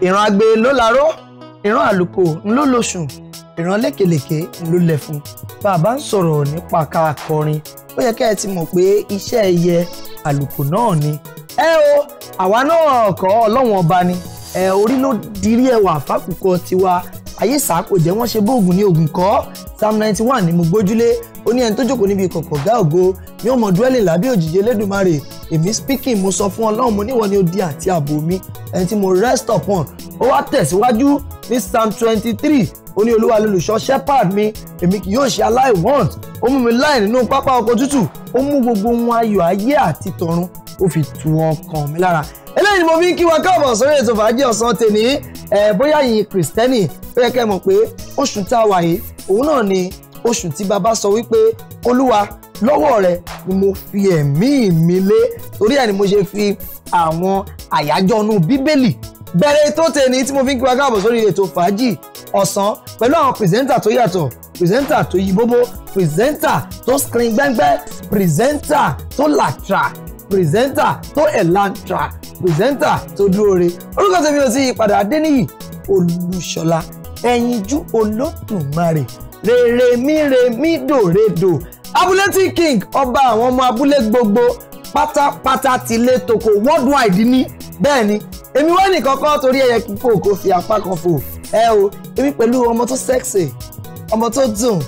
ìran agbe ló laró ìran àlùkò ńló lóṣùn ìran lékelèké ńló lẹ́fun bá a bá ń sọ̀rọ̀ nípa ká kọrin ó yẹ kẹ́ ẹ ti mọ̀ pé iṣẹ́ ẹyẹ àlùkò náà ni ẹ o àwa náà kọ́ ọlọ́wọ́n ọba ni ẹ orí ló dirí ẹwà fákùkọ tiwa ayé sàkó jẹ́ wọ́n ṣe bóògùn ní ogun kọ́ psalm ninety one ni mo gbójúlé ó ní ẹni tó jókòó níbi ìkọ̀kọ̀ gá ògo yóò mọ̀ dúẹ́lì lábẹ́ òjìji Elédùmarè èmi speaking mo sọ fún ọlọ́run mo níwọ̀ ni ó àti ààbò mi ẹni tí mo rest upon ó wá tẹ̀síwájú ní psalm twenty three ó ní olúwa lolùṣọ́ shepherd mi èmi kì yóò ṣe aláìwọ́nt ó mú mi láì nínú pápá ọkọ̀ tútù ó mú gbogbo ohun ayọ̀ ayé àti tọ̀run ó fi tu ọkàn mi lára eléyìí ni mo fi ń kí wa káàbọ̀ sórí ètò fàájì ọ̀sán tèmi bóyá yìí kìrìsìtẹ́nì ó yẹ kẹ́ mọ̀ pé oṣù tá a wà yìí òun náà ni oṣù tí bàbá sọ wípé olúwa lọ́wọ́ rẹ ni mo fi ẹ̀mí mi lé torí ẹ̀ ni mo ṣe fi àwọn àyájọ́ inú bíbélì bẹ̀rẹ̀ tó tẹ̀ni tí mo fi ń kí wa káàbọ̀ sórí ètò fàájì ọ̀sán pẹ̀lú àwọn pìrìsẹ́ńtà tó yàtọ̀ pìrìsẹ́ńtà tó yí bóbó pìrìsẹ́ńtà tó screen gbẹ́ngbẹ́ pìrìsẹ́ńtà tó làtrà pìrìsẹ́ńtà tó ẹ̀lantra pìrìsẹ́ńtà tó dúró re orúkọ tèmi ò sí ìpadà adéníyì olùṣọlá ẹ̀yinjú olódùmarè rèrèmírèmídòrèdò abúlétí king ọba àwọn ọmọ abúlé gbogbo pátápátá ti lé toko worldwide ní bẹ́ẹ̀ ni èmi wá nìkan kọ́ torí ẹyẹ kíkó kò fi apá kan fò ẹ o èmi pẹ̀lú ọmọ tó sexy ọmọ tó dùn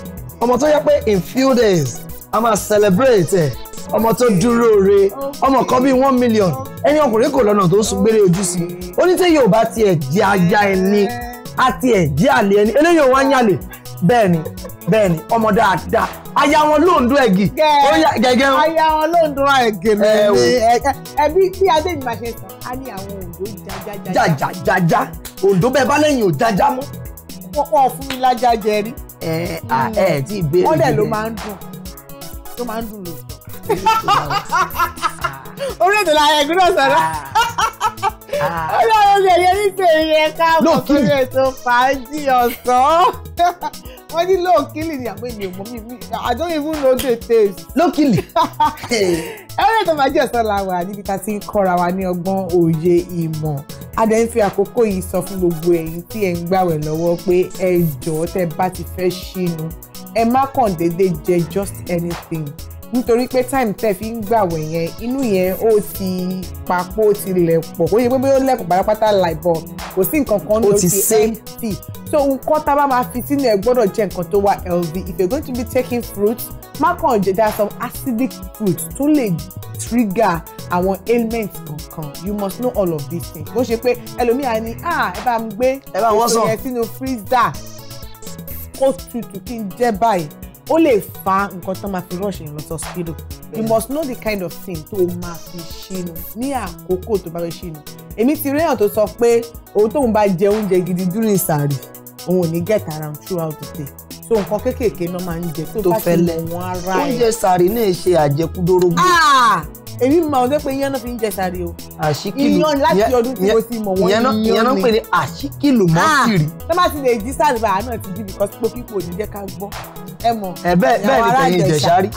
ọmọ tó yẹ pé in few days a celebrate ọmọ tó dúró re ọmọ kan bíi one million ẹni ọkùnrin kò lọ́nà tó ń sun gbére ojú sí i onítẹ̀ yóò bá tiẹ̀ jẹ́ ajá ẹni àti ẹ̀ jẹ́ àlè ẹni eléyìí òun á yàlè bẹ́ẹ̀ ni bẹ́ẹ̀ ni ọmọ dáadáa aya wọn ló ń dún ẹ̀gì gẹ́gẹ́ wọn. aya wọn ló ń dún ẹ̀gì ni ẹbí bí adéyìn máa ṣe sàn á ní àwọn òǹdó jájájá. jájájájá òǹdó bẹ́ẹ̀ bá lẹ́yìn ò jájá mọ́. wọ́n fún mi lájà jẹ rí. ẹ ẹ tí ì béèrè yìí. ló máa ń dùn ló máa ń dùn lò orí ètò la ẹ̀gún No sọ̀rọ̀ ọlọ́run ṣèyẹ nítorí ẹ̀ka ọkùnrin ètò fàájì ọ̀sán wọ́n ní lóòkìlì ni àpò èmi ò mọ̀ mi I don't even know the taste. lóòkìlì. ẹ̀rọ ètò fàájì ọ̀sán la wà níbi tá a ti ń kọ́ra wa ní ọgbọ́n òye ìmọ̀ a dẹ̀ ń fi àkókò yìí sọ fún gbogbo ẹ̀yin tí ẹ̀ ń gbàwẹ̀ lọ́wọ́ pé ẹ jọ̀ọ́ tẹ́ bá ti fẹ́ ṣínú ẹ má kàn déédéé jẹ just anything nítorí pé time tẹ́ fi ń gbàwẹ̀ yẹn inú yẹn ó ti papọ̀ ó ti lẹ̀ pọ̀ kó yẹ pé bóyá ó lẹ̀kùn pátápátá láìpọ̀ kò sí nǹkan kan ló ti empty so nǹkan tá a bá máa fi sínú ẹ̀ gbọ́dọ̀ jẹ́ nǹkan tó wà healthy if you're going to be taking fruit má kàn jẹ dá some acidic fruit tó lè trigger àwọn ailments kankan you must know all of these things bó ṣe pé ẹlòmíà ni ah ẹ bá ń gbé ètò yẹn sínú freezer kó tutù kí n jẹ báyìí ó lè fa nǹkan tó máa fi rush èèyàn lọ sí hospital you must know the kind of thing tó máa fi ṣínú ní àkókò tó bá fẹ́ ṣínú èmi ti réyàn tó sọ pé òun tóun bá jẹ oúnjẹ gidi during sàárì òun ò ní get around throughout the day so nǹkan kéékèèké náà máa ń jẹ tó bá ti mọ wọn ara ẹ oúnjẹ sàárì náà ṣe àjẹkúdórógbó ah! èmi máa ń sọ pé iyán fi ń jẹ sáré o. àṣìkìlù iyán láti ọdún tí mo ti mọ̀ wọ́n iyán ni. iyán náà pè ní àṣìkìlù mọ́tìrì. Ah! tó bá ti lè jí sáré bàá náà ti jí because pokípo ò ní jẹ́ ká gbọ́ ẹ mọ̀ ẹ bẹ́ẹ̀ bẹ́ẹ̀ ni tẹ̀yìn ìjẹ̀ṣà rí.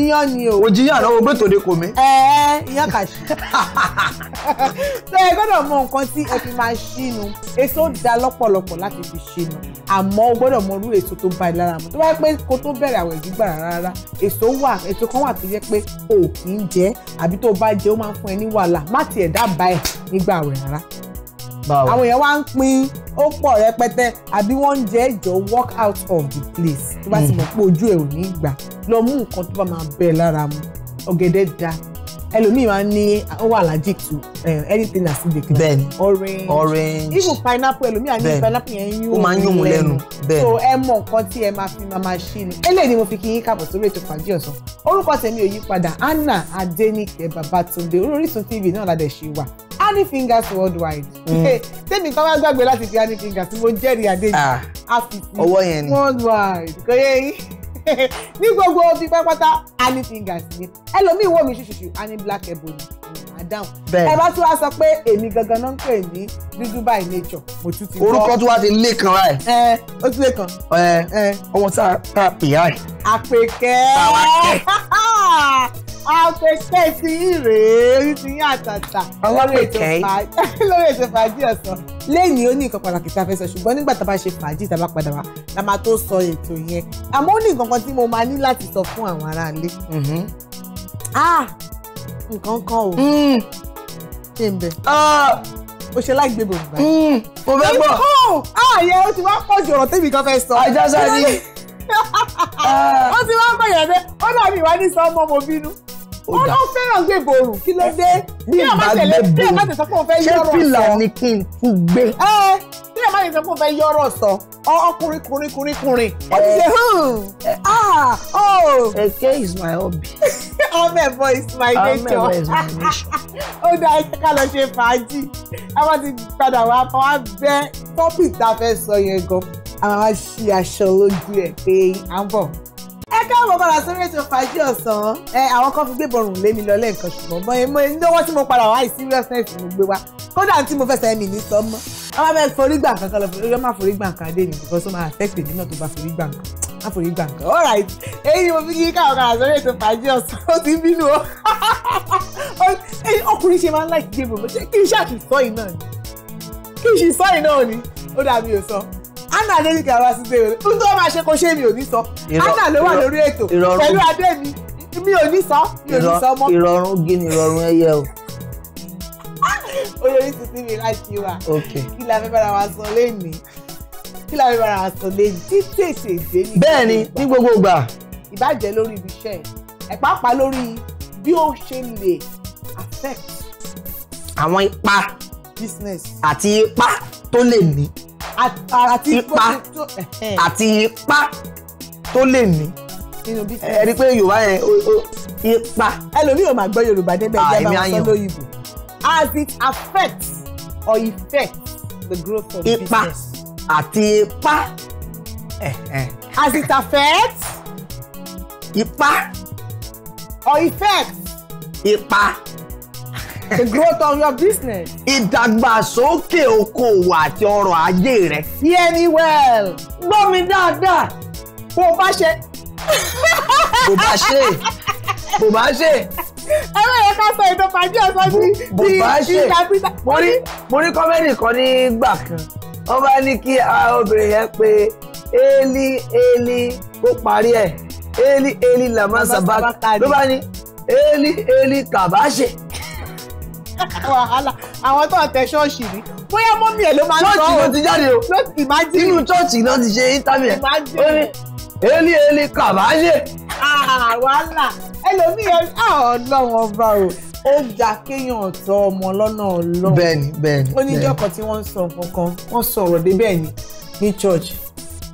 iyán ni o. òjì yàn náà ogbé tòde kò mí. ẹ ẹ iyán so lẹ́yìn gbọ́dọ̀ mọ nǹkan tí ẹ fi máa ṣínu èso da lọ́pọ̀lọpọ̀ láti fi ṣínu àmọ́ o gbọ́dọ̀ mọ irú èso tó bá ìlara mu tó bá pẹ́ kó tó bẹ̀rẹ̀ àwẹ̀ gbígbà rárá èso wà èso kan wà tó jẹ́ pé o kì í jẹ àbí tó bá jẹ ó máa ń fún ẹ ní wàhálà má tiẹ̀ dábàá ẹ̀ nígbà àwẹ̀ rárá àwọn èèyàn wá ń pín ó pọ̀ rẹpẹtẹ àbí wọ́n ń jẹ́ ìjọ work out of the place tó bá ti hmm. mọ̀ pé ojú ẹ̀ ò ní gbà lọ mú nǹkan tó bá máa bẹ̀ lára mu ọ̀gẹ̀dẹ̀ da ẹlòmíì máa ń ní ó wà lájì tu eh, anything as ibi kan bẹ́ẹ̀ni orange orange even pineapple ẹlòmíì á ní pineapple yẹn yún ó máa ń yún lẹ́nu bẹ́ẹ̀ni so ẹ mọ nǹkan tí ẹ máa fi máa máa ṣí ni eléyìí ni mo fi kí yín káàbọ̀ sórí ètò fàájì ọ̀sán orúkọ tèmi ò yí padà Anna Adéníkẹ́ Babátúndé orí Orísun TV náà la dẹ̀ ṣe wà honey fingers worldwide mm. tèmi kan wá gbàgbé láti fi honey fingers mo jẹ́rìí àdéhùn ah, àfìsí worldwide kò yẹ yín ní gbogbo obì pátápátá honey fingers ni ẹlòmíì wò mí ṣùṣùṣù honey black ebony àdáhùn ẹ bá tún wá sọ pé èmi gangan náà ń pè ní dúdú by nature mo tún ti gbọ́ orúkọ tó wá ti lé kan láì. ẹ ó ti lé kan. ọmọ tá a pè á. àpèkẹ́. afẹ́fẹ́ ti yín rèé ti yín àtàtà. ọwọ́ mi kẹ́ lórí ètò fàájì ọ̀sán. lẹ́yìn ó ní nǹkan pàtàkì tá a fẹ́ sọ ṣùgbọ́n nígbà tá a bá ṣe fàájì tá a bá padà wá la máa tó sọ ètò yẹn àmọ́ ó ní nǹkan kan tí mo máa ní láti sọ fún àwọn aráalé. Mm-hmm. Ah! nǹkan kan o ṣe ń bẹ o ṣe láì gbébò nígbà. Mm. mo fẹ́ gbọ́. ààyè o ah, ti wá pọ̀ ju ọ̀rọ̀ tèmi kan fẹ́ sọ. ajá sáré. ó ti wá bẹ̀yẹ̀ ah. pé ó dàbí ìwádìí sọ ọmọ mo bínú ó dá. ó fẹ́ràn gbé borù kí ló dé bí ìbá gbé borù ṣé fìlà ni kí n tún gbé. ẹ bí ẹ má lè sọ pé o fẹ́ yọ̀rọ̀ sọ ọkùnrin kùnrin kùnrin kùnrin ó ti ṣe hàn hmm, ah oh. eke is my hobby. ọmọ ẹ̀fọ́ is my nature ọmọ ẹ̀fọ́ is my nature. ó dá ẹ ká lọ ṣe fàájì àwọn ti padà wá wá bẹ́ tọ́pì tá a fẹ́ sọ yẹn gan-an àwọn á aṣọ lójú ẹ̀ pé à ń bọ̀ ẹ káàbọ̀ padà sórí ètò fàájì ọ̀sán ẹ àwọn kan fi gbé bọ̀rùn lé mi lọ lẹ́ẹ̀kan ṣùgbọ́n bọ́ èmi lọ́wọ́ tí mo padà wá seriousness mo gbé wá kódà tí mo fẹsẹ̀ mi ní sọ́mọ́ ọmọ bẹ́ẹ̀ forí gbà kankan lọ forí má forí gbà kan dé mi because ó máa affect èmi náà tó bá forí gbà kan má forí gbà kan all right èyí ni mo fi kí káwọn kan àsọ̀rọ̀ ètò fàájì ọ̀sán ó ti bínú o eh, ọkùnrin ṣe máa ń láì gbé bòbò ṣé kí n ṣàkíyèsọ́ yìí náà ni kí n ṣe sọ́ yìí náà ni ó anna lórí gàrà sí dèrò ohun tó máa ṣe kó ṣe mi ò ní sọ anna ló wà lórí ètò pẹ̀lú adé mi mi ò ní sọ mi ò ní sọ mọ́. ìrọ̀rùn gí ni ìrọ̀rùn ẹyẹ o. olórí tuntun mi láti wà kí la fẹ́ bára wa sọ lẹ́nu kí la fẹ́ bára wa sọ lẹ́nu tí tèsè dé ní. bẹ́ẹ̀ni ní gbogbo ìgbà. ìbàjẹ́ lórí ibi iṣẹ́ ẹ̀ pàápàá lórí bí ó ṣe lè affect. àwọn ipa business àti ipa tó lè ní ipa àti ipa tó lè ní ẹ rí i pé yorùbá yẹn ipa. ẹlòmíì ò máa gbọ́ yorùbá débẹ̀ jẹ́ ah, bá wọn sọ lóyìnbó as it affect or effects the growth of ipa. business. ipa àti ipa. as it affects. ipa. or effects. ipa the growth of your business. ìdàgbàsókè okòwò àti ọrọ̀ ajé rẹ. hear me well. gbọ́ mi dáadáa bó o bá ṣe. bó o bá ṣe bó o bá ṣe. ẹ bá yẹ ká sọ èdè fàájì ọ̀sán di di di kàpítà. mo rí mo rí kọ́mẹ́nì kan nígbà kan wọ́n bá ní kí obìnrin yẹn pe eli eli kó parí ẹ̀ Eli eli làmásàbá ló bá ní eli éèlì kàbáṣe wàhálà àwọn tó ń tẹ ṣọ́ọ̀ṣì ni bóyá mọ́mí ẹ̀ ló máa ń sọ ọ́ ṣọ́ọ̀ṣì ló ti jáde o inú ṣọ́ọ̀ṣì náà ti ṣe íńtánẹ̀tì ó ní èlé èlé kàmáyé. wàhálà ẹlòmíì ah, ọlọ́run ọba o ó dá kéèyàn ọ̀tọ̀ ọmọ lọ́nà ọlọ́run bẹ́ẹ̀ni bẹ́ẹ̀ni ó ní ìjọkọ̀ tí wọ́n ń sọ kankan wọ́n sọ ọ̀rọ̀ dé bẹ́ẹ̀ ní church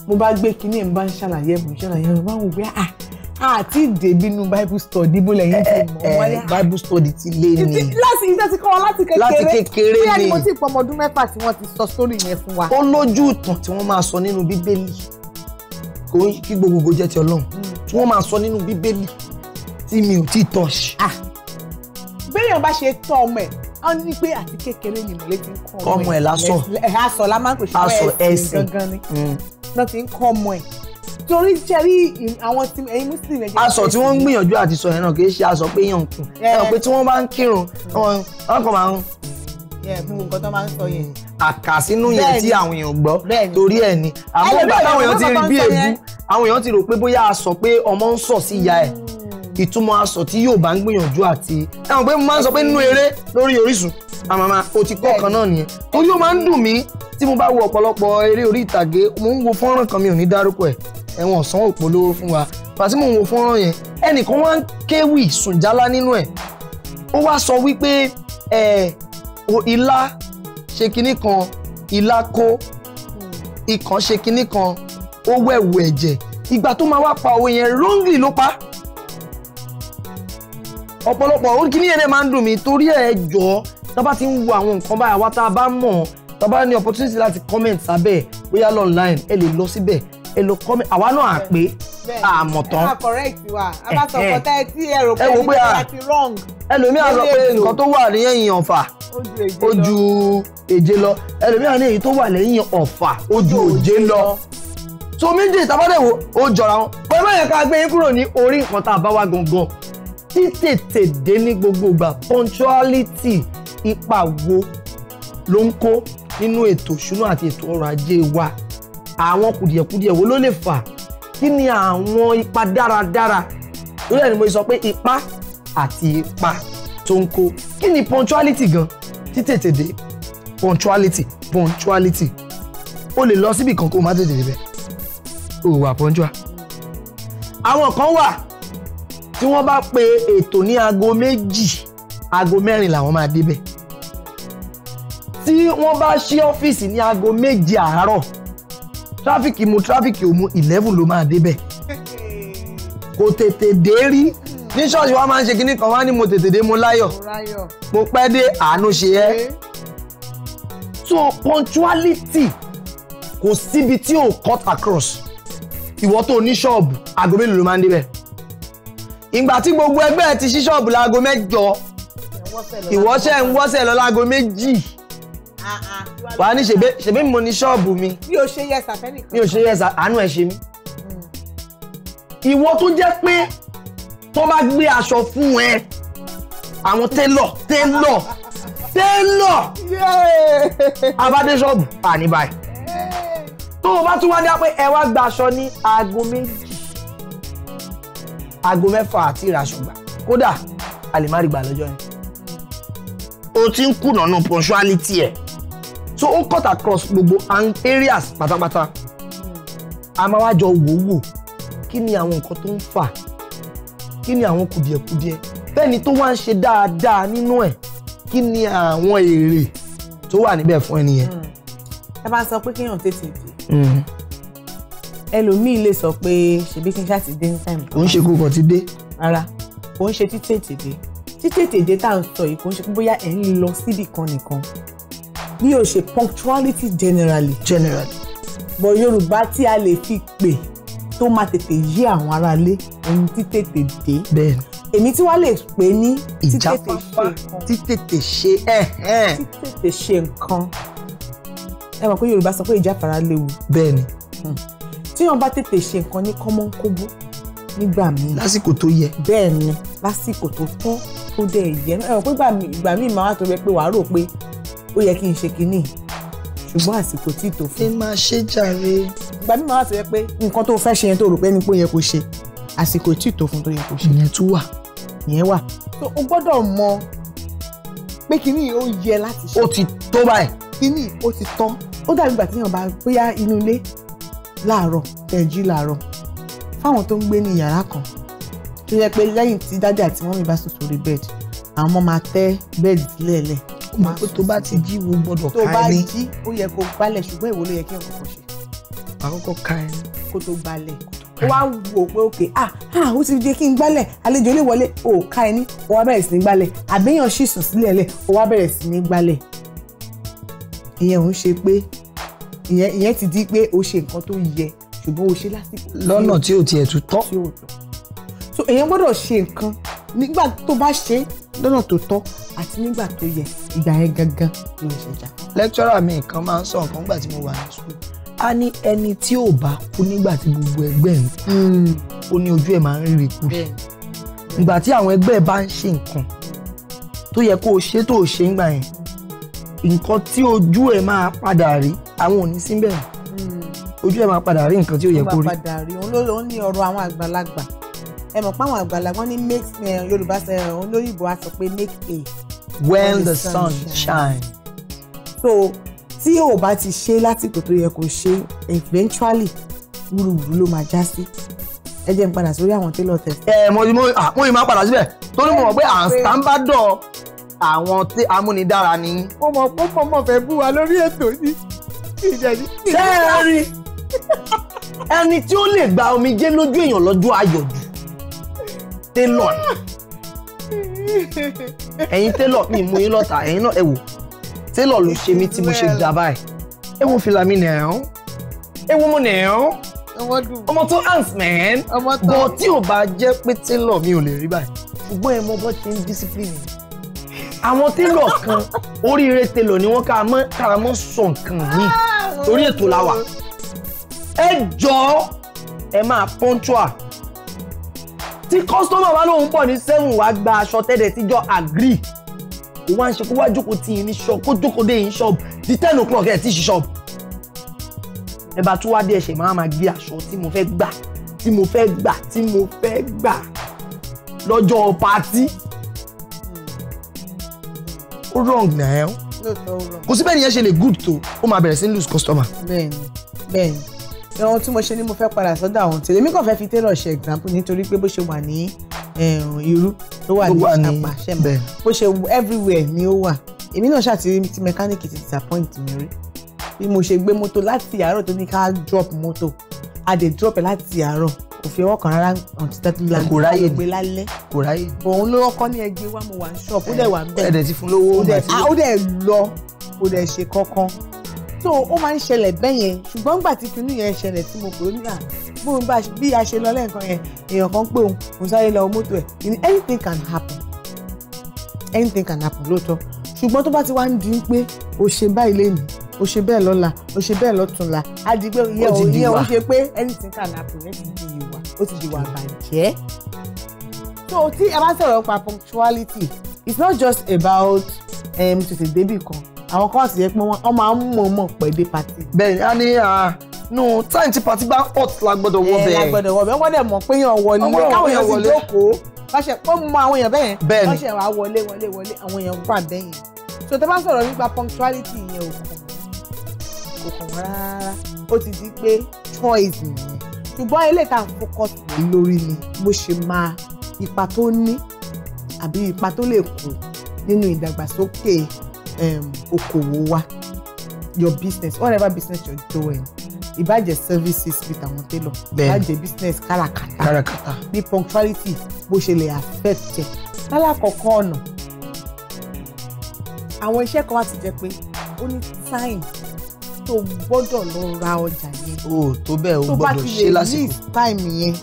mo bá gbé kinní ẹ̀ ń bá ń ṣàlàyé mo ṣàlàyé mo bá ń wò pé ah, àti ìdèbí inú bible study bó lẹ́yìn eh, tí eh, mo wọ́n yá eh, bible study ti lé ní. láti ìjọ ti kọ́ wọn láti kékeré láti kékeré ni bí ẹni mo ti pọ̀ ọmọ ọdún mẹ́fà tí wọ́n ti sọ sórí yẹn fún wa. ó lójú ìtàn tí wọ́n máa sọ nínú bíbélì kò ń kí gbogbogbò jẹ́ ti ọlọ́run hmm. tí wọ́n máa sọ nínú bíbélì tí mi ò tí ì tọ̀ ṣe. Ah. béèyàn bá ṣe tọ́ ọmọ ẹ̀ wọ́n ní pé àti kékeré ni mo lè hmm. ti ń kọ́ ọmọ ẹ̀ lásọ̀ lásọ̀ la ẹ̀sìn gangan ni torí ṣe rí àwọn tí ẹ̀yin muslim ẹ̀jẹ̀. aṣọ tí wọ́n ń gbìyànjú àti sọ yẹn náà kì í ṣe aṣọ pé yàn kù ẹ̀rọ pé tí wọ́n bá ń kírun wọn kàn máa ń. ẹ fún nǹkan tó máa ń sọ yẹn. àkàsínú yẹn tí àwọn èèyàn gbọ́ torí ẹ̀ ni àmọ́ ìgbà táwọn èèyàn ti rí bí èébú àwọn èèyàn ti rò pé bóyá aṣọ pé ọmọ ń sọ sí ìyá ẹ̀ hmm. ìtumọ̀ aṣọ tí yóò bá ń gbìyànjú àti ẹ mọ̀ pé mo máa ń sọ pé nínú eré lórí Orísun àmàmà o ti kọ́ kan náà nìyẹn torí ó máa ń dùn mí tí mo bá wo ọ̀pọ̀lọpọ̀ eré orí ìtàgé mo ń wo fọ́nrán kan mi ò ní dárúkọ ẹ̀ ẹ̀wọ̀n sanwó polówó fún wa pàṣípò ń wo fọ́nrán yẹn ẹnìkan wá ń kéwì Sùnjálá nínú ẹ̀ ó wá sọ wípé ẹ̀ o ilá ṣe kinní kan ilá kó ikàn ṣe kinní kan ó wẹ̀wù ẹ̀jẹ̀ ìgbà tó máa wá pa òwe yẹn wrongly ló pa ọ̀pọ̀lọpọ̀ ó kí ní ẹ̀rẹ́ máa ń dùn mí torí ẹ̀ jọ tó ti ń wo àwọn nǹkan báyà wá tá a bá mọ̀ tó ní opportunity láti comment sábẹ́ bóyá online ẹ lè lọ síbẹ̀ èlò kọ́mí àwa náà à pé àmọ̀ tán. ẹ correct wa abasọ̀kọ̀ eh, eh. tẹ́ ẹ tí ẹrò pé ẹni tí a ti wrong. ẹlòmíà sọ pé nǹkan tó wà ní ẹ̀yìn ọ̀fà ó ju èje lọ ẹlòmíà ní èyí tó wà lẹ́yìn ọ̀fà ó òjé lọ so méjì ìtàbádẹ́wò ó jọra wọn pẹ̀lú ẹ̀yẹ ká gbé yín kúrò ní orí nǹkan tá a bá wá gangan títètè dé ní gbogbo ìgbà punctuality ipa wo ló ń kó nínú ètò ìṣúná àti ètò ọrọ̀ ajé wa àwọn kùdìẹ̀kùdìẹ̀ wo ló lè fà kí ni àwọn ipa dáradára lórí ẹni mo sọ pé ipá àti ipa tó ń kó kí ni punctuality gan títètè dé punctuality punctuality o lè lọ síbi kan kó o má tètè débẹ̀ o wà punctual àwọn kan wà tí wọ́n bá pe ètò ní aago méjì aago mẹ́rin làwọn máa débẹ̀ tí wọ́n bá ṣí ọ́fíìsì ní aago méje àárọ̀ Traffic, mu tráfíkì ò mu eleven ló máa débẹ̀ kò tètè dé rí ní ṣọ́ọ̀ṣì wa máa ń ṣe kinní kan wá ní mo tètè dé mo láyọ̀ mo pẹ́ dé àánú ṣe ẹ́ so punctuality kò síbi tí ò cut across ìwọ tó ní ṣọ́ọ̀bù aago mélòó ló máa ń débẹ̀ ìgbà tí gbogbo ẹgbẹ́ ti ṣí ṣọ́ọ̀bù láago mẹ́jọ ìwọ́ṣẹ́ ń wọ́ṣẹ́ lọ láago méjì. Ah, ah. wà á ní ṣèbé ṣèbé mo ní ṣọ́ọ̀bù mi. mi ò ṣe yẹsà fẹ́ nìkan. mi ò ṣe yẹsà àánú ẹ̀ ṣe mí. ìwọ tó jẹ́ pé tó bá gbé aṣọ fún ẹ àwọn télọ̀ télọ̀ télọ̀ abádé ṣọ́ọ̀bù àní báyìí. tó o bá tún wá ní apẹ́ ẹ wá gba aṣọ ní aago méjì aago mẹ́fà àti ìràṣọ gbà kódà a má rí gbà lọ́jọ́ yẹn. o ti ń kùnà nù punctuality ẹ̀ so ó cut across gbogbo areas pátápátá a máa wá jọ wò wò kí ni àwọn nǹkan tó ń fà kí ni àwọn kùdìẹ̀kùdìẹ̀ bẹ́ẹ̀ni tó wá ń ṣe dáadáa nínú ẹ̀ kí ni àwọn èrè tó wà níbẹ̀ fún ẹni yẹn. ẹ bá sọ pé kéèyàn tètè dé mm. ẹlòmíì lè sọ pé ṣèbí kí n ṣáà ti dé ní táìmù. kò ń ṣe kókò ti dé. rárá kò ń ṣe títètè dé títètè dé tá à ń sọ yìí kò ń ṣe bóyá ẹ̀ ń lọ síbì kan nìkan mi ò ṣe punctuality generally. generally. but yorùbá tí a lè fi pè tó máa tètè yé àwọn aráalé ohun tí tètè dé. bẹ́ẹ̀ni. èmi tí wàá lè pè ní. ìjáfáfá tí tètè ṣe ẹ̀hẹ́n. tí tètè ṣe nǹkan. ẹ mọ̀ pé yorùbá sọ pé ìjáfara léwu. bẹ́ẹ̀ni. Hmm. tí wọn bá tètè ṣe nǹkan ní kọ́mọ́nkóbó nígbà míì. lásìkò tó yẹ. bẹ́ẹ̀ni lásìkò tó tọ́ tó dẹ̀ yẹ ẹ mọ̀ pé ìgbà míì máa wá tó rẹ pé wàá rò pé ó yẹ kí n ṣe kinní ṣùgbọ́n àsìkò tí ì tó fún. ẹ máa ṣe jàre. ìgbà mímọ́ wá tó yẹ pé nǹkan tó fẹ́ ṣe yẹn tó rò pé ní pé ó yẹ kó ṣe àsìkò tí ì tó fún tó yẹ kó ṣe. ìyẹn tún wà. ìyẹn wà. o gbọ́dọ̀ mọ pé kinní ó yẹ láti ṣe. ó ti tó báyìí. kinní ó ti tán ó dàbí ìgbà tí yàn bá bóyá inú ilé láàárọ̀ tẹ̀ jí láàárọ̀ fáwọn tó ń gbé ní yàrá kan tó yẹ pé lẹ́yìn tí dádì àti mọ́mí bá sùn ó mọ̀ pé tó bá ti jí wo gbọ́dọ̀ ká ẹni. tó bá jí ó yẹ kó gbálẹ̀ ṣùgbọ́n èwo ló yẹ kí ọkọ̀ ṣe. àkọ́kọ́ ká ẹni. kó tó gbálẹ̀ ó wá wò pé òkè ah ah ó ti di kí n gbálẹ̀ àlejò lè wọlé ó ká ẹni ó wá bẹ̀rẹ̀ sí ní gbálẹ̀ àbẹ́yàn sì sùn sílẹ̀ lẹ̀ ó wá bẹ̀rẹ̀ sí ní gbálẹ̀. ìyẹn ò ń ṣe pé ìyẹn ti di pé o ṣe nǹkan tó yẹ ṣùgbọ́n o ṣe lásìkò. lọ́nà tí ò tiẹ̀ tún tọ́. so èèyàn gbọ́dọ̀ ṣe nǹkan nígbà tó bá ṣe lọ́nà tó tọ́ àti nígbà tó yẹ ìgbà yẹn gangan ló ń ṣẹjà. lẹ́kítọ́rà mi kan máa ń sọ nǹkan nígbà tí mo wà ní sùkúl a ní ẹni tí ò bá kú nígbà tí gbogbo ẹgbẹ́ ń kú hmm. ó ní ojú ẹ̀ máa ń rí kú ìgbà tí àwọn ẹgbẹ́ bá ń ṣe nǹkan tó yẹ kó o ṣe tó o ṣe ńgbà yẹn nǹkan tí ojú ẹ̀ máa padà rí àwọn ò ní síbẹ̀ hmm. ojú ẹ̀ máa padà rí nǹkan tí ó yẹ kó rí. ó ní ọ̀rọ̀ àwọn àgbàlagbà ẹ mọ̀ pé àwọn àgbàlagbà ní make yorùbá olóyìnbó á sọ pé make a. when the, sun shines. so tí o bá ti ṣe lásìkò tó yẹ kó ṣe eventually wúruwúru ló máa já sí ẹ jẹ́ n padà sórí àwọn tailor test. ẹ mo mo mo yìí máa padà síbẹ̀ torí mo mọ̀ pé à ń sábàdọ̀ àwọn tí amúnidára ni. ó mọ̀ pé mo mọ̀ fẹ́ bú wa lórí ètò yìí. ṣé ẹ rí ẹni tí ó lè gba omijé lójú èèyàn lọ́jọ́ ayọ̀ jù télọ̀ ah. ẹ̀yin télọ̀ mi mú yín lọ́ta ẹ̀yin náà ẹ wò télọ̀ ló ṣe mí tí mo ṣe ga báyìí ẹ wo filami mi nìyẹn ẹ wo mo nìyẹn ọmọ tó hands man bọ tí ò bá jẹ́ pé télọ̀ mi ò lè rí báyìí ṣùgbọ́n ẹ mọ bó ṣe ń discipline àwọn télọ̀ kan oríire télọ̀ ni wọ́n kára mọ́ sọ nǹkan yìí ah, torí ètò la wà ẹ jọ ẹ máa punctual tí kọ́sítọ́mà wa lóun pọ̀ ní seven wàá gba aṣọ tẹ́lẹ̀ tíjọ́ agree kò wá ń ṣe kó wá jókòó tí yín ní ṣọ́ọ̀bù kó jókòó dé yín ṣọ́ọ̀bù di ten o'clock ẹ̀ tí ṣe ṣọ́ọ̀bù. ẹ bá tún wá dé ẹsẹ̀ máa máa gbé aṣọ tí mo fẹ́ gbà tí mo fẹ́ gbà tí mo fẹ́ gbà lọ́jọ́ pàtí. ó wrong na ẹ́ kò síbẹ̀ nìyẹn ṣe lè good tó ó máa bẹ̀rẹ̀ sí lose customer. bẹ́ẹ̀ni bẹ́ẹ̀ni ohun tí mo ṣe ni mo fẹ́ padà sọ́dọ̀ àwọn tèlé mi kàn fẹ́ fi tailor ṣe example nítorí pé bó ṣe wà ní eh, irú tó wà ní apá ṣẹ́mi bó ṣe everywhere ni ó wà èmi náà ṣàtìrí ti mẹkáníìkì ti disappoint mi rí bí mo ṣe gbé mọ́tò láti àárọ̀ tó ní ká drop mọ́tò a dé drop ẹ̀ láti àárọ̀ òfin ọwọ́ kan rárá ọ̀tí tẹ́tù lánàá kò ráyè gbé lálẹ́ kò ráyè òun ló kọ́ ní ẹgbẹ́ wa mo wà ní ṣọ́ọ̀bù ó dẹ̀ wà ń bẹ̀ ẹ̀ẹ́dẹ̀ ti fún lówó ó dẹ̀ lọ kò dẹ̀ ṣe kankan so ó máa ń ṣẹlẹ̀ bẹ́ẹ̀ yẹn ṣùgbọ́n nígbà tí kinní yẹn ṣẹlẹ̀ tí mo pè ó nígbà ah, bó ń bá bí a ṣe lọ lẹ́ẹ̀kan yẹn èèyàn kan pé òun kò sáré lọ mọ́tò ẹ̀ anything can happen anything can happen lóòótọ́ ṣùgbọ́n tó bá ti wá ń di pé o ṣe báyìí lénìí o ṣe bẹ́ẹ̀ lọ́la o ṣe bẹ́ẹ̀ lọ́túnla á di pé iye ò iye ò ṣe pé anything can happen ó ti di ìwà ó ti di ìwà àbàjẹ́ so tí a bá sọ̀rọ̀ pa punctuality it's not just about um, tètè débì kan àwọn kan sì yẹ pé wọ́n máa ń mọ̀ mọ̀ pẹ̀lú pati. bẹ́ẹ̀ni a ní nù táyì tí pati bá hot la gbọ́dọ̀ wọ eh, bẹ́ẹ̀. la gbọ́dọ̀ wọ bẹ́ẹ̀ wọ́n dẹ̀ mọ̀ pé yàn wọlé káwọn yàn sì jókòó lọ́sẹ̀ ó mọ àwọn èèyàn bẹ́ẹ̀ bẹ́ẹ̀ni lọ́sẹ̀ wà wọlé wọlé wọlé àwọn èèyàn wà bẹ́yìn so tẹ́ bá sọ̀rọ̀ nípa punctuality yẹn ò kàn kò kàn rárá ó ti di pé choice nìyẹn ṣùgbọ́n eléyìí tá à ń focus lórí ni bó ṣe máa ipa tó ní àbí ipa tó lè kù nínú ìdàgbàsókè um, okòwò wa your business whatever business you're doing ìbàjẹ́ services bí tàwọn tailor ìbàjẹ́ business káràkátà káràkátà bí punctuality bó ṣe lè affect ẹ lálàkọ̀kọ́ ọ̀nà àwọn iṣẹ́ kan wá ti jẹ́ pé ó ní time tó gbọ́dọ̀ lọ ra ọjà yẹn. o tó bẹ́ẹ̀ o gbọ́dọ̀ ṣe lásìkò tó bá ti lè leave time yẹn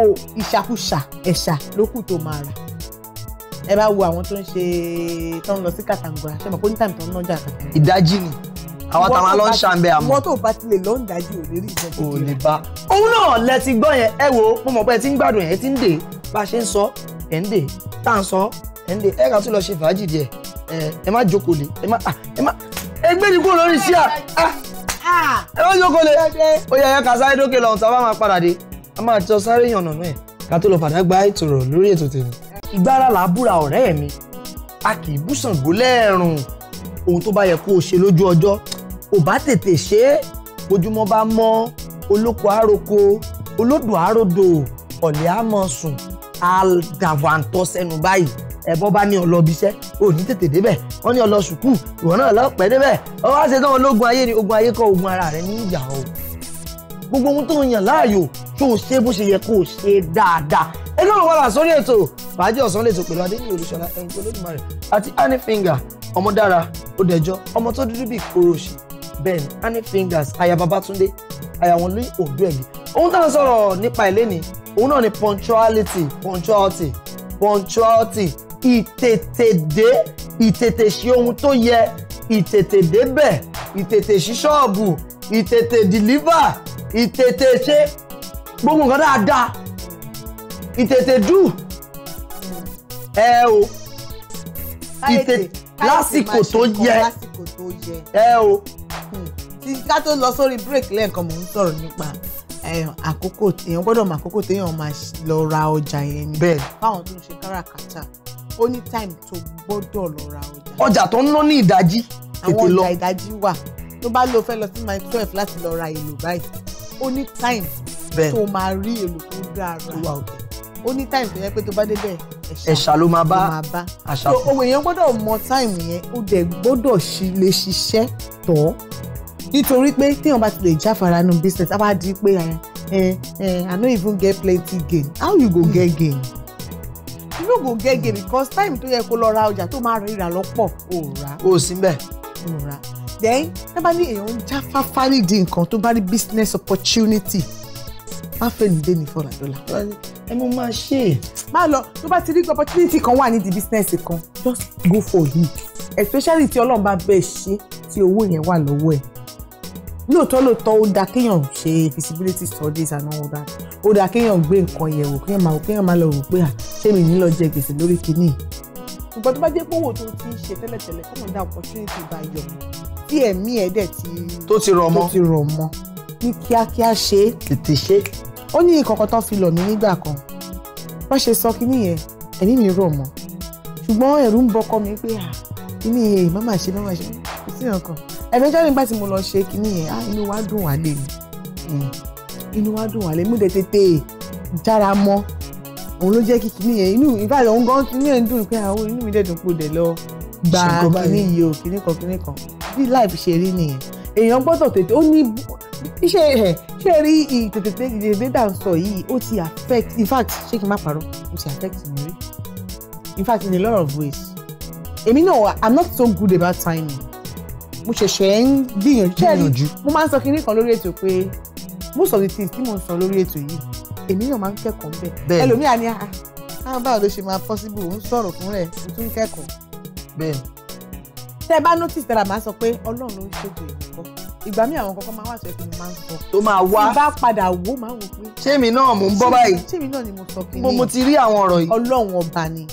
o ìṣàkúṣà ẹ̀ṣà ló kù tó máa rà ẹ bá wo àwọn tó ń ṣe tó ń lọ sí kàtàǹgbà ṣe mọ̀ pé ní tàbí tó ń nájà kàtàǹgbà. ìdájí ni àwọn táwọn lọ ń ṣàǹbẹ àmọ́. wọ́n tó bá ti lọ ń dájú ò lè rí ìjọba. ò lè bá. òun náà lẹ ti gbọ́ yẹn ẹ wo mo mọ̀ pé ẹ ti ń gbádùn yẹn ẹ ti ń dè bá a ṣe ń sọ ẹ̀ ń dè tá à ń sọ ẹ̀ ń dè ẹ̀ kà tún lọ ṣe fàájì díẹ̀ ẹ má jókòó lé ẹ má ẹ má ẹgbẹ́ ni kúrò lórí sí à ẹ má jókòó lé ó yẹ ẹ kà sáré dókè lọ́hùn tá a máa padà dé a máa tọ́ sáré yànnà náà ká tó lọ padà gba ètò lórí ètò tèmi ìgbára là á búra ọ̀rẹ́ mi a kì í bú Ṣàngó lẹ́ẹ̀rùn ohun tó bá yẹ kó o ṣe lójú ọjọ́ ò bá tètè ṣe é bójúmọ́ bá mọ́ olóko àròkọ olódò àròdò ọ̀lẹ́ àmọ́ sùn àdàvàǹtọ́ sẹ́nu báyìí ẹ̀bọ́ bá ní ọlọ́biṣẹ́ ò ní tètè débẹ̀ wọ́n ní ọlọ sùkúù ìwọ náà lọ́pẹ́ débẹ̀ ọwọ́ àṣẹ náà ológun ayé ni ogun ayé kọ́ ogun ara rẹ ní ìyà o gbogbo ohun tó ń yàn láàyò tó o ṣe bó ṣe yẹ kó o ṣe dáadáa eléwọ̀n wà lásán ètò fàájì ọ̀sán lè tó pẹ̀lú adéyìn olùṣọ́lá ẹni tó lódùmarè àti honey finger ọmọ dára ó dẹjọ́ ọmọ tó dúdú bíi kòròṣì bẹ́ẹ̀ ni honey fingers aya babatunde aya wọn ní òdú ẹ̀mí ohun táwọn sọ̀rọ̀ nípa ẹ̀ lẹ́ni òun náà ni punctuality punctuality punctuality ìtètèdé ìtètè ṣe ohun tó yẹ ìtètè débẹ̀ ìtètè ṣí ṣọ́ọ̀bù ìtètè deliver ìtètè ṣe gbogbo nǹkan dáadáa ìtètè dù ẹ o ìtètè lásìkò tó yẹ ẹ o. Hmm. tí ká tó lọ sórí break lẹ́ẹ̀kan mò ń sọ̀rọ̀ nípa àkókò èèyàn gbọ́dọ̀ mọ àkókò téèyàn máa lọ ra ọjà yẹn ni bẹ́ẹ̀ báwọn tó ń ṣe káràkátà ó ní time tó gbọ́dọ̀ lọ ra ọjà. ọjà tó ń ná ní ìdajì tètè lọ àwọn ọjà ìdajì wà tó bá lọ fẹ́ lọ sí mile twelve láti lọ ra èlò báyìí ó ní time tó máa rí èlò tó dára ó ní táìmù tó yẹ pé tó bá débẹ̀ ẹ̀ṣà ló máa bá àṣà fún. owó èèyàn gbọ́dọ̀ mọ táìmù yẹn ó dẹ̀ gbọ́dọ̀ lè ṣiṣẹ́ tọ́ nítorí pé téèyàn bá ti lè jáfara nínú business á bá di pé eh, eh, eh, I no even get plenty gain how you go get gain you no go get gain because time tó yẹ kó lọ ra ọjà tó máa rírà lọ́pọ̀ ò rà. o sí bẹ́ẹ̀. ò rà then tábà ní èèyàn ń jáfáfá nídìí nǹkan tó bá rí business opportunity má fẹ́ lùdé ní four hundred dollar. ẹ mo máa ṣe é. má lọ tó bá ti rí opportunity kan wà nídìí business kan just go for it especially tí ọlọ́run bá bẹ́ẹ̀ ṣe tí owó yẹn wà lọ́wọ́ ẹ̀ lóòótọ́ lóòótọ́ ó dáa kéèyàn ṣe Visibility studies and all that ó dáa kéèyàn gbé nǹkan yẹ̀ wò kéèyàn máa wò kéèyàn máa lọ rò pé à ṣé mi ní lọ jẹ gbèsè lórí kinní ṣùgbọ́n tó bá jẹ́ pówó tó ti ń ṣe tẹ́lẹ̀tẹ́lẹ̀ kọ́mọ̀ dá opportunity bá yọ tí ẹ̀mí ẹ̀ dẹ̀ ti tó ti rọ̀ mọ́ ní kíákíá ṣe é tètè ṣe é ó ní ìkọ̀kọ̀ tó fi lọ̀ mí nígbà kan wọ́n ṣe sọ kí nìyẹn ẹ̀mí mi rọ̀ mọ́ ṣùgbọ́n ẹ̀rù ń bọkọ mi pé kíní yẹn màmá ṣe màmá ṣe kò sí ọkàn ẹ̀mẹ́jọ́ nígbà tí mo lọ ṣe kíní yẹn inú wa dùn wá lé mi hmm. inú wa dùn wá lé mi mú dẹ̀ tètè jára mọ́ òun ló jẹ́ kí kíní yẹn inú ìbàdàn òun gan kíní yẹn dùn pé àwọn inú mi dẹ̀dùn kó dẹ̀ lọ gba kíní yìí o kíní kan kíní kan bí life ṣe rí nìyẹn èèyàn gbọ́dọ̀ tètè ó ní ṣe ẹ ṣe rí ìtètèdédà ń sọ yìí ó ti affect in fact ṣé kí n má parọ́ ó ti affect mi rí in fact in a lot of ways èmi náà i'm not so good about timing mo ṣẹ̀ṣẹ̀ ń gbìyànjú gbìyànjú mo máa ń sọ kinní kan lórí ètò pé most of the things tí mo ń sọ lórí ètò yìí èmi náà máa ń kẹ́kọ̀ọ́ bẹ́ẹ̀ ẹlòmíà ni ah, ah báwo ló ṣe máa possible ń sọ̀rọ̀ fún rẹ̀ mo tún kẹ́kọ̀ọ́ bẹ́ẹ̀ tẹ́ ẹ bá notice tẹ́ra máa sọ pé ọlọ́run ló ń ṣètò ìkọ́ ìgbà mi àwọn kankan máa wà tó yẹ kí mo máa ń sọ. tó máa wá tí bá padà wò máa wò pé. ṣé mi náà mò ń bọ́ báyìí. ṣé mi náà ni mo sọ kíni. mo mo ti rí àwọn ọ̀rọ̀ yìí. ọlọ́run ọba ni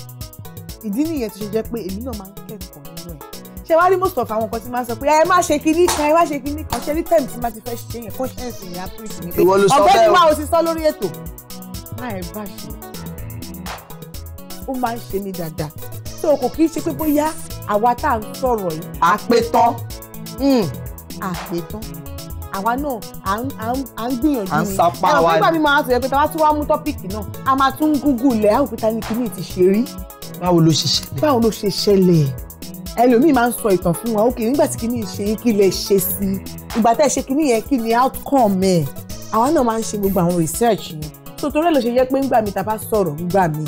ìdí nìyẹn tó ṣe jẹ́ pé èmi náà máa ń kẹ́kọ̀ọ́ nínú ẹ̀. ṣé wàá rí most of àwọn kan tí máa ń sọ pé ẹ má ṣe kinní kan ẹ má ṣe kinní kan ṣe ní tẹ̀mí tí má ti fẹ́ ṣe yẹn conscience yẹn appreciate mi pé ọ̀gbẹ́ni wa ò ti sọ lórí ètò láì bá pé bóyá àpétán àwa náà à ń gbìyànjú ni à ń sapá wa ni ẹ̀rọ mi máa sọ yẹ pé táwa tún wá mú tọ́pìkì náà a máa tún gúgù lẹ̀ àwọn òkúta ní kíní ti ṣe rí. báwo ló ṣe ṣẹlẹ̀. báwo ló ṣe ṣẹlẹ̀ ẹlòmíì máa ń sọ ìtàn fún wa ókè nígbà tí kíní ṣe yín kí lè ṣe sí i ìgbà tẹ́ ẹ ṣe kíní yẹn kí ni outcome ẹ̀ àwa náà máa ń ṣe gbogbo àwọn research yẹn tó torí ẹ̀ ló ṣe jẹ́ pé ńgbà mi ta bá sọ̀rọ̀ ńgbà mi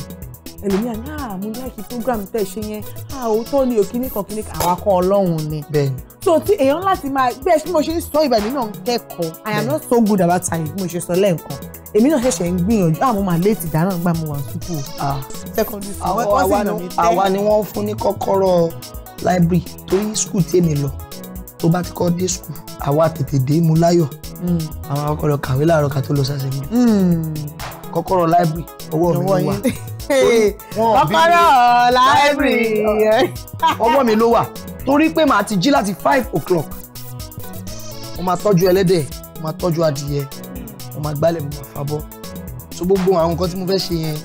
ẹlòmíà ní àmúlẹ́kì ah, program tẹ̀ ṣe yẹn àwòtọ́ ah, ni òkíní kan kíní kan àwa kan ọlọ́run ni. bẹ́ẹ̀ni so ti èèyàn láti máa bẹ́ẹ̀ tí mo ṣe ń sọ ìgbà náà ń kẹ́kọ̀ọ́ I am hmm. not so good about time bí mo ṣe sọ lẹ́ẹ̀kan èmi náà ṣẹ̀ṣẹ̀ ń gbìyànjú àmọ́ màá léètì dáná gbà mo wà ní sùkúù. Ah. secondary school wọ́n sì nà mí tẹ́. àwa ni wọ́n fún ní kọ́kọ́rọ́ library torí school tí èmi lọ tó bá ti kọ́ dé school àwa tètè dé mu láyọ̀ hmm. àwọn akọ́kọ́ lọ kàwé láàárọ̀ ká tó lọ sáṣẹ mi hmm. kọ́kọ́rọ́ library ọwọ́ mi ló wà kọ́kọ́rọ́ library ọwọ́ mi ló wà torí pé màá ti jí láti five o'clock mo máa tọ́jú ẹlẹ́dẹ̀ mo máa tọ́jú adìyẹ mo máa gbálẹ̀ mo máa fabọ́ so gbogbo àwọn nǹkan tí mo fẹ́ ṣe yẹn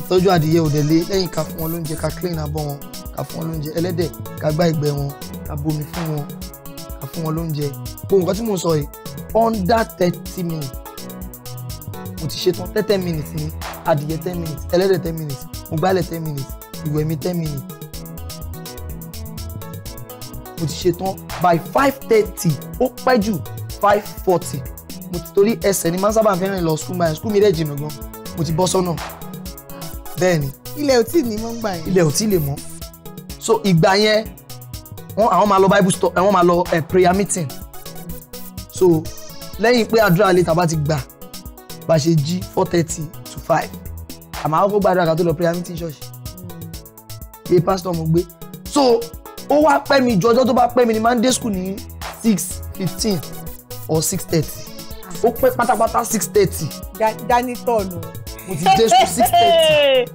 ìtọ́jú adìyẹ òdẹ̀lé lẹ́yìn ká fún wọn lóúnjẹ ká clean abọ́ wọn ká fún wọn lóúnjẹ ẹlẹ́dẹ̀ ká gbá ìgbẹ́ wọn ká bomi fún wọn ká fún wọn lóúnjẹ gbogbo nǹkan tí mo sọ yìí under thirty minutes mo ti ṣe tán thirty minutes ni adìyẹ ten minutes ẹlẹ́dẹ̀ ten minutes mo gbálẹ̀ ten minutes ìwẹ̀ mi ten minutes mo ti ṣe tán by five thirty ó pẹ́ jù five forty mo ti torí ẹsẹ̀ ni máa ń fẹ́ràn lọ school my school mi rẹ̀ jìnnà gan mo ti bọ́ sọ́nà bẹ́ẹ̀ ni. ilẹ̀ ò tí ì ní mọ́ gbà yẹn. ilẹ̀ ò tí ì lè mọ́ so ìgbà yẹn wọn àwọn máa lọ bible store eh, ẹ wọn máa lọ eh, prayer meeting so lẹ́yìn pé àdúrà lè tàbá ti gbà bá ṣe jí four thirty to five àmọ́ àwọn kó gbàdúrà ká tó lọ prayer meeting ṣọ́ọ̀ṣì hmm. pé pastor mo gbé so ó wá pẹ́ mi ju ọjọ́ tó bá pẹ́ mi ni máa school ní six fifteen or six thirty ó pẹ́ pátápátá six thirty. dání tọ̀nù. mo ti dé school six thirty.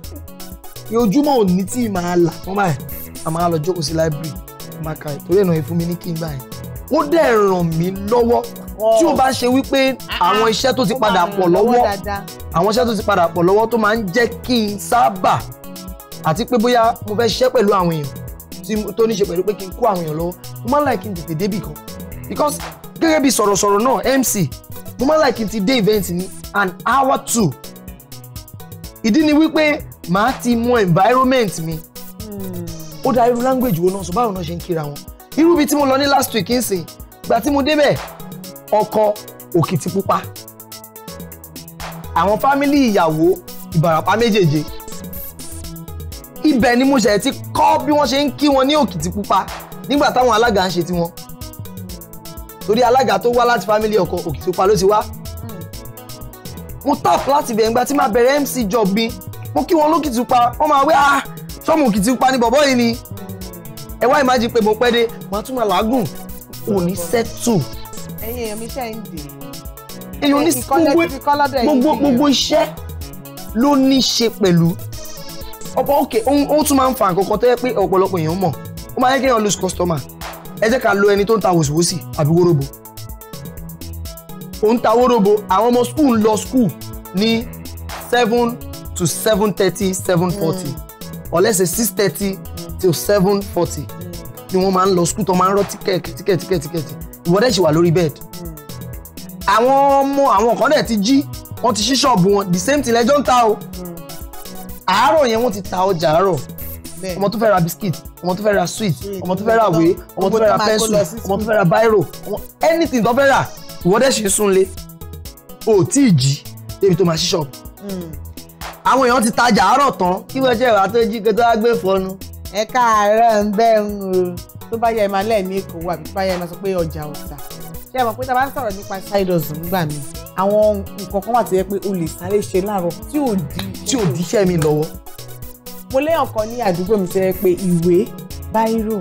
ojúmọ́ ò ní tí ì máa là wọ́n báyìí a máa lọ jókòó sí library máa ka ìtòrí ẹ̀nà ìfún mi ní kí n gbà yẹn ó dẹ̀ ràn mí lọ́wọ́ tí ó bá ṣe wípé ah, ah. àwọn iṣẹ́ tó ti padà pọ̀ lọ́wọ́ àwọn iṣẹ́ tó ti padà pọ̀ lọ́wọ́ tó máa ń jẹ́ kí n sábà àti pé bóyá mo fẹ́ ṣiṣẹ́ pẹ̀lú àwọn èèyàn tó ní ṣe pẹ̀lú pé kí n kó àwọn èèyàn lọ́wọ́ mo máa ń láì kí n tètè débì kan because gẹ́gẹ́ bí sọ̀rọ̀sọ̀rọ̀ náà MC mo máa ń láì kí n ti dé event ní an hour two ìdí ni wípé màá ti mọ environment mi hmm. ó dá irú language wo náà sọ báwo náà ṣe ń kíra wọn irú bíi tí mo lọ ní last week ń sìn gbà tí mo débẹ̀ ọkọ òkìtìpupa àwọn fámìlì ìyàwó ìbàràpá méjèèje ibẹ̀ ni mo ṣẹ̀ ti kọ́ bí wọ́n ṣe ń kí wọn ní Òkìtìpupa nígbà táwọn alága ń ṣe tiwọn torí alága tó wá láti fámílì ọkọ Òkìtìpupa ló ti wá mo tap láti bẹ̀rẹ̀ ìgbà tí máa bẹ̀rẹ̀ MC job mi mo kí wọn lókìtìpupa wọ́n máa wí ah ṣọ́ọ̀mù Òkìtìpupa ni bọ̀bọ́ yìí ni ẹ wá ìmájì pé mo pẹ́ dé màá tún máa làágùn kò ní sẹ́tù. ẹ̀yin èèyàn mi ṣe ń dè é. èèyàn ní gbogbo gbogbo iṣẹ́ ló ní í ṣe pẹ̀lú ọ̀pọ̀ òkè ó tún máa ń fa nǹkan kan tó yẹ pé ọ̀pọ̀lọpọ̀ èèyàn mọ̀ ó máa yẹ kéèyàn lose customer ẹ jẹ́ ká lo ẹni tó ń ta wòsíwòsì àbí wórobo ó ń ta wórobo àwọn ọmọ school ń lọ school ní seven to seven thirty seven forty hmm. or let's say six thirty till seven forty hmm. ni wọ́n máa ń lọ school tó máa ń rọ́ tíkẹ́ẹ̀tì tíkẹ́ẹ̀tì tíkẹ́ẹ̀tì ìwọ́dẹ̀ ṣì wà lórí bẹ́ẹ̀dì hmm. àwọn ọmọ àwọn kan dẹ̀ ti jí wọ́n ti ṣí ṣọ́ọ̀bù wọn the same thing lẹ́jọ́ ń ta o àárọ̀ yẹn wọ́n ti ta ọjà àárọ̀ ọmọ tó fẹ́ ra biscuit ọmọ tó fẹ́ ra sweet ọmọ tó fẹ́ ra ìwé ọmọ tó fẹ́ ra pencil ọmọ tó fẹ́ ra biro anything tó fẹ́ rà ìwọ́dẹ̀ ṣe súnlé o tí ì jí débi tó máa ṣí ṣọ́ọ̀bù. Hmm. àwọn èèyàn ti tajà àárọ̀ tán kí wọ́n ṣe ìwà tó jí kí tó wá gbé fọnu. ẹ káàárọ̀ ń bẹ́ ń ro tó bá yẹ ẹ máa lẹ́ẹ̀mí kò wà bí tó bá yẹ ẹ máa sọ pé ọjà ọ̀tà ṣé ẹ mọ̀ pé tá a bá ń sọ̀rọ̀ nípa side hustle nígbà míì àwọn nǹkan kan wà tó yẹ pé o lè sáré ṣe láàárọ̀ tí ò di tí ò di iṣẹ́ mi lọ́wọ́. mo léèyàn kan ní àdúgbò mi sẹ́yẹ pé ìwé báírò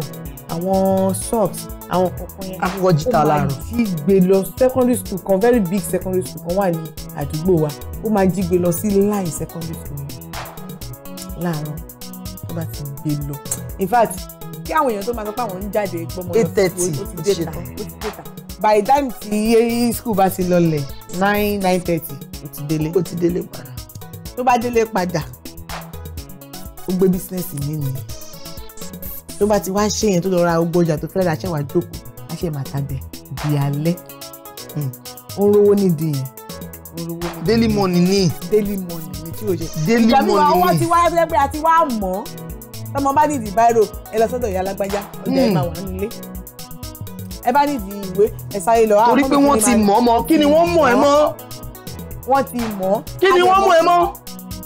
àwọn socks àwọn kankan yẹn. akọkọ jìtá láàárọ̀. ó máa jí gbé lọ secondary school kan very big secondary school kan wà ní àdúgbò wa ó máa jí gbé lọ sí line secondary school yẹn láàárọ̀ tó bá ti gbé lọ. in fact kí àwọn èèyàn tó máa sọ pé àwọn ń jáde gbọmọ lọ sí o ti dé ta by the time tí school bá ti lọ lẹ̀ nine nine thirty ó ti délé. ó ti délé padà. ló bá délé padà ó gbé bísínẹ́sì mi nìyẹn ló bá ti wá ṣe yẹn tó lọ ra ogbó ọjà tó fẹ́ ra ṣẹ́wàá jókòó láṣẹ màtàbẹ̀ di alẹ́ hmm. ó ń rówó nídìí yẹn daily money ni. daily money ni tí o jẹ. daily money ni. ìjàmbá owó ti wá ẹgbẹ́ àti wá mọ́ tọmọ bá ní ìdìbàrò ẹ lọ sọ́dọ̀ ìyá alágbájá ọjà ẹ hmm. máa wà nílé ẹ bá nídìí ìwé ẹ sáré lọ. Ah, torí pé wọ́n ti mọ̀ mọ́ kí ni wọ́n mọ̀ ẹ mọ́. wọ́n ti mọ̀. kí ni wọ́n mọ̀ ẹ mọ́.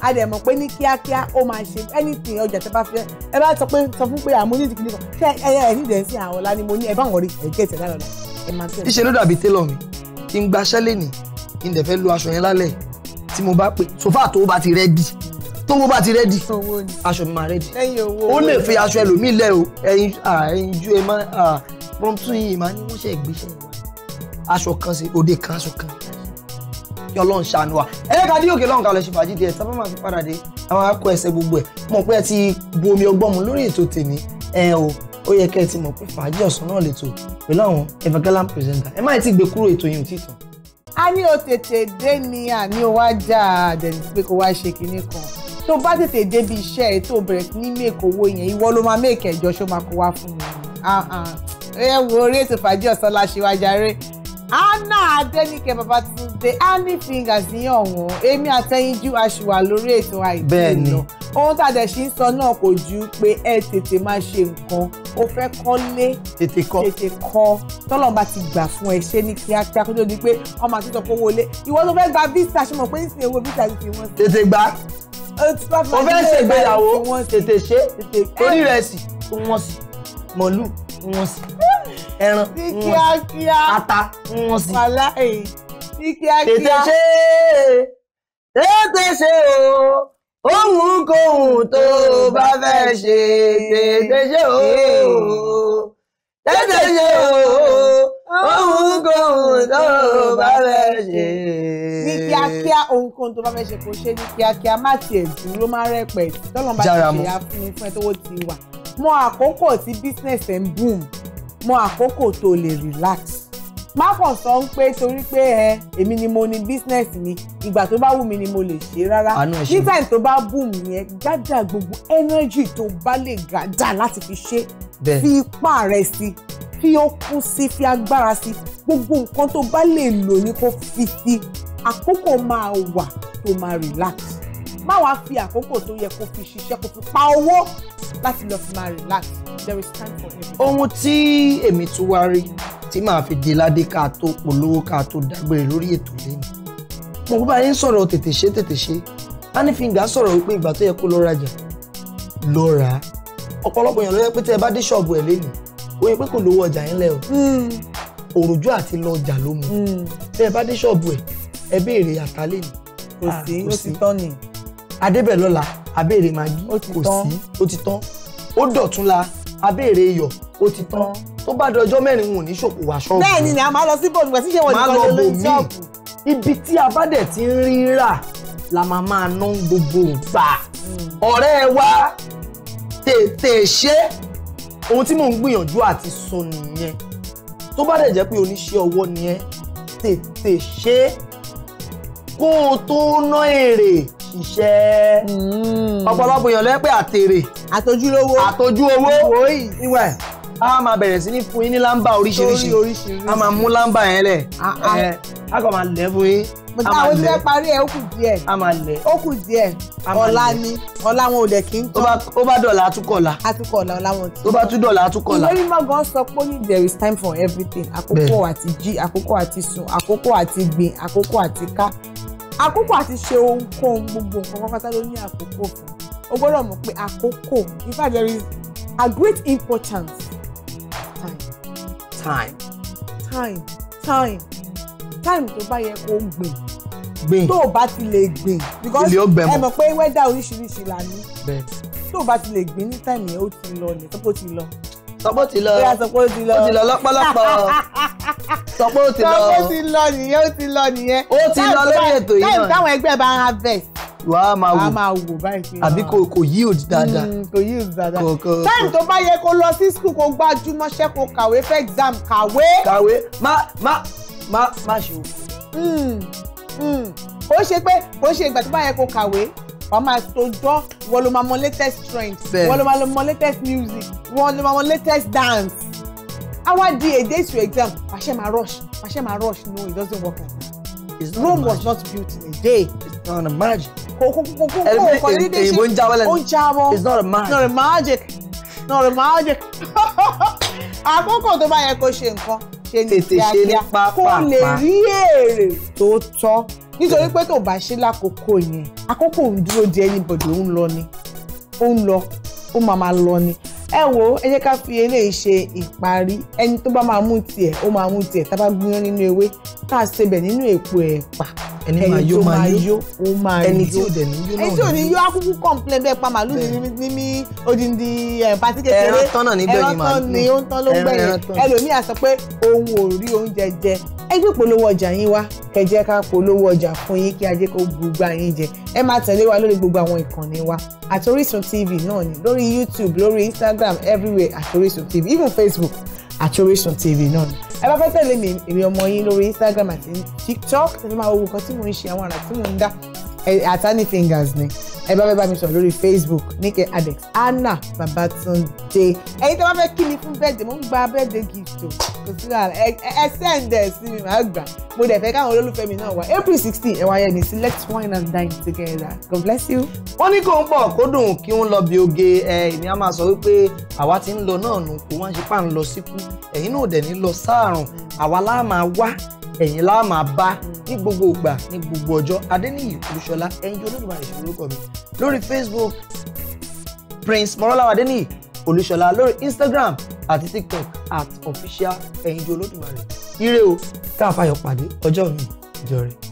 a dẹ̀ mọ̀ pé ní kíákíá ó máa ṣe anything ọjà tẹ bá fẹ́ ẹ bá sọ pé sọ fún pé àmọ́ ah, onídìí kìíní kan ṣé ẹ ẹ ní ìdẹ̀nsí àwọn ọ̀la ni mo ní ẹ bá wọn rí ẹ̀kẹ́ ìtẹ̀ lára ọ̀la ẹ máa tẹ̀. ìṣe ló dàbí télọ̀ mi kí n gbaṣẹ́ lè ní kí n dẹ̀ fẹ́ lo aṣọ yẹn lálẹ́ tí mo bá pè sófà tó bá ti rẹ́dì tó mo bá ti rẹ́dì aṣọ mi máa rẹ́dì ó lè fi aṣọ ẹlòmíì lẹ́ o ẹyin ju ẹ máa promptu yìí máa ní wọ́n ṣe ìgbésẹ̀ wa aṣọ kan sí òde kan aṣọ kan kí ọlọ́run ṣàánú wa ẹ̀ka dí òkè lọ́nkà lọ ṣe fàájì díẹ̀ sábà máa fi padà dé àwọn akọ ẹsẹ̀ gbogbo ẹ̀ mọ̀ pé ẹ ti bomi ọgbọ́n mu lórí ètò tèmi ẹ o ó yẹ kẹ́ ẹ ti mọ̀ pé fàájì ọ̀sán náà lè tò pẹ̀lú àwọn evangelan presenter ẹ má ti gbé kúrò ètò yìí ò tí tán. a ní o tètè dé ni àní o wá já àdẹ̀ni pé kó wá ṣe kinní kan tó bá tètè débi iṣẹ́ ẹ tó bẹ̀rẹ̀ ní mèkó yẹn ìwọ ló máa mèkẹ́ ṣó máa kó wá fún mi ah, ah ẹ wo orí ètò fàájì ọ̀sán láṣìwájáre anna adenike babatunde annie fingers ní ọ̀hún èmi àtẹyinjú aṣùwà lórí ètò àìpẹ́ ìlọ ohun tá a dẹ̀ ṣì ń sọ náà kò ju pé ẹ tètè máa ṣe nǹkan o fẹ́ kọ́lé tètè kọ́ tètè kọ́ tọ́lọ́ bá ti gbà fún ẹ ṣe ní kíákíá kó tó di pé ọmọ àti ìtọ́kọ wọlé ìwọ tó fẹ́ gba visa ṣe mọ̀ pé nísìnyí owó visa ti fi wọ́n sí. tètè gbà o fẹ́ ṣègbéyàwó tètè ṣe orí rẹ̀ sì wọ́n sì mọ̀lú wọ́n sì ẹran mm. ata mm. wọn sí. tètè ṣe tètè ṣe o ohun tó bá fẹ́ ṣe tètè ṣe o tètè ṣe o ohun tó bá fẹ́ ṣe. ní kíákíá ohun tó bá fẹ́ ṣe kò ṣe ní kíákíá má tiẹ̀ dúró má rẹpẹ̀ tọ́lọ́mọba ti ṣe àfihàn fún ẹ tó wọ́n ti wà mọ àkókò tí business ẹ̀ ń boom mọ àkókò tó lè relax má kàn sọ ń pé torí pé ẹ èmi ni mo ní business mi ìgbà tó bá wù mí ni mo lè ṣe rárá ní tó bá boom yẹn gádà gbogbo energy tó bá lè gádà láti fi ṣe fi ipá rẹ sí fi okun sí fi agbára sí gbogbo nǹkan tó bá lè lò ní kó fi sí àkókò máa wà tó máa relax má wàá fi àkókò tó yẹ kó fi ṣiṣẹ́ kó fi pa owó láti lọ fi máa relax there is time for everything. ohun tí èmi tún wá rí tí màá fi di ládé ká tó polówó ká tó dágbére lórí ètò lẹ́nu mo bá yín sọ̀rọ̀ tètè ṣe tètè ṣe hanifinga sọ̀rọ̀ wípé ìgbà tó yẹ kó lọ rajà lọ rà á ọ̀pọ̀lọpọ̀ èèyàn ló yẹ pé tẹ́ ẹ bá dé ṣọ́ọ̀bù ẹ̀ lẹ́nu ó pé kò lówó ọjà yín lẹ́ o hmm. òròjú àti lọ ọjà ló mu hmm. tẹ́ ẹ bá dé ṣọ́ọ̀bù ẹ̀ ẹ béèrè àtàlẹ́ ni kò sí ah, ó sì tọ́ adébẹ̀lọ́la abéèrè magi kò sí ó ti tán ó dọ̀tún la abéèrè iyọ̀ ó ti tán tó bá dọjọ́ mẹ́rin wọn ní ṣòkò wá ṣọ́ọ̀bù. bẹ́ẹ̀ ni a máa lọ sí bòmí pẹ̀sí ṣé wọ́n nìkan ló lóyún ṣọ́ọ̀bù. ibi tí a bá dẹ̀ ti ń rí rà la máa máa ná gbogbo ìgbà ọ̀rẹ́ wa tètè ṣe ohun tí mò ń gbìyànjú àti sọ nìyẹn tó bá dẹ̀ jẹ́ pé oníṣẹ́ ọwọ́ ni tètè ṣe kó o tó ná èrè iṣẹ́ hmm. ọ̀pọ̀lọpọ̀ èèyàn lẹ́pẹ́ àtèrè àtojúlówó àtojú owó ìwẹ̀ a máa bẹ̀rẹ̀ sí ní fún yín ní lámbà oríṣiríṣi a máa mú lámbà yẹn lẹ̀ a kò máa lẹ̀ fún yín mo ta àwọn ìfẹ́ parí ẹ̀ ó kù díẹ̀. a máa lẹ̀. ó kù díẹ̀. ọ̀la ni ọ̀la wọn ò dẹ̀ kí n tán. ó bá dọ̀la àtúkọ̀la. àtúkọ̀la ọ̀la wọn ti. tó bá tún dọ̀la àtúkọ̀la. ìwé mímọ́ gan sọ pé there is time for everything àkókò àti jí àkókò àti sùn àkókò àti gbìn àkókò àti ká àkókò àti ṣe ohunkóhun gbogbo nǹkan pátápátá ló ní àkókò fún o gbọ́dọ̀ mọ̀ pé àkókò in fact there is a great importance time. time. time time time tó bá yẹ kó gbìn gbìn tó o bá ti lè gbìn because ẹ mọ̀ pé wẹ́dà oríṣiríṣi là ní tó o bá ti lè gbìn ní time yẹn ó ti lọ ní tó o ti lọ sọ pé ó ti lọ sọ pé ó ti lọ ó ti lọ lọ́pọ̀lọpọ̀ sọ pé ó ti lọ sọ pé ó ti lọ nìyẹn ó ti lọ nìyẹn ó ti lọ lórí ètò yìí náà táyì táwọn ẹgbẹ́ bá ń harvest wà á máa wò á máa wò báyìí fi hàn àbí kò kò yí òdì hmm, dáadáa kò yí òdì dáadáa kò táyì tó bá yẹ kó lọ sí skul kó gbájúmọ́ kó kàwé fẹ́ exam kàwé. kàwé má má má má ṣe o. ó hmm, hmm. ṣe pé kò ṣe ìgbà tó bá yẹ kó kàwé wọ́n máa sojọ́ wọ́n ló máa mọ latest trend wọ́n ló máa mọ latest music wọ́n ló máa mọ latest dance awa di a day to exam pàṣẹ máa rush pàṣẹ máa rush no it doesn't work like that Rome was not built in a day. it's not a magic. kò kò kò kò kò kò ní dé ṣe ó it's not a magic. It's not a magic not a magic. àkókò tó bá yẹ kó ṣe nǹkan ṣe ní kíákíá kó lè rí èrè tó tọ́ nítorí pé tó bá ṣe lákòókò yẹn àkókò òun dúró di anybody òun lọ ni òun lọ ó máa máa lọ ni ẹ wo ẹ jẹ́ ká fi eléyìí ṣe ìparí ẹni tó bá máa mú tiẹ̀ ó máa mú tiẹ̀ tá a bá gúnyán nínú ewé tá a ṣebẹ̀ nínú èpo ẹ̀pà ẹni máa yó máa yó ẹni tí ò dẹ̀ ní yó náà ẹni tí ò ní yó akúkú complain bẹ́ẹ̀ pa màálù ní odindi eh, pati kékeré ẹran tán náà níbẹ̀ ni màálù ẹran tán ni ó ń tán ló ń gbẹ̀yìn ẹlòmíà sọ pé òun ò rí oúnjẹ jẹ ẹ gbé polówó ọjà yín wá kẹ́ ká polówó ọjà fún yín kí ajé kó gbogbo àyín jẹ ẹ máa tẹ̀lé wa lórí gbogbo àwọn ìkànnì wa àti TV náà ni lórí YouTube lórí Instagram everywhere àti Orísun TV even Facebook àti Orísun TV náà ni. ẹ bá fẹ́ tẹ̀lé mi èrè ọmọ yín lórí Instagram àti TikTok tẹ̀lé máa wo nǹkan tí mò ń ṣe àwọn àrà tí mò ń dá atani fingers ni ẹ bá fẹ́ bá mi sọ̀rọ̀ lórí facebook nike adex anna babatunde ẹ̀yin tó bá fẹ́ kí mi fún bẹ́ẹ̀dẹ̀ mo ń gba bẹ́ẹ̀dẹ̀ gift o kò sí ra ẹ sẹ́ǹdẹ̀ sí mi màá gbà mo dẹ̀ fẹ́ káwọn olólùfẹ́ mi náà wá april sixteen ẹ wá yẹn ní select wine and dine together god bless you. wọ́n ní kó ń bọ̀ kó dùn kí ń lọ bí oge ẹ ìní a máa sọ wípé àwa ti ń lọ náà nù kó wọ́n ṣe pà ń lọ síkú ẹ̀yin náà ò dẹ̀ ní lọ sáàrùn àwa láà máa wá ẹ̀yin la máa bá mm. ní gbogbo ìgbà ní mm. gbogbo ọjọ́ adéníyì olúṣọlá ẹ̀yin olódùmarè ìṣòro orúkọ mi lórí facebook prince mọ́rọ́láwá adéníyì olúṣọlá lórí instagram àti tiktok at official ẹ̀yin olódùmarè ire o káàfáyọ̀ pàdé ọjọ́ mi ìjọ rẹ̀.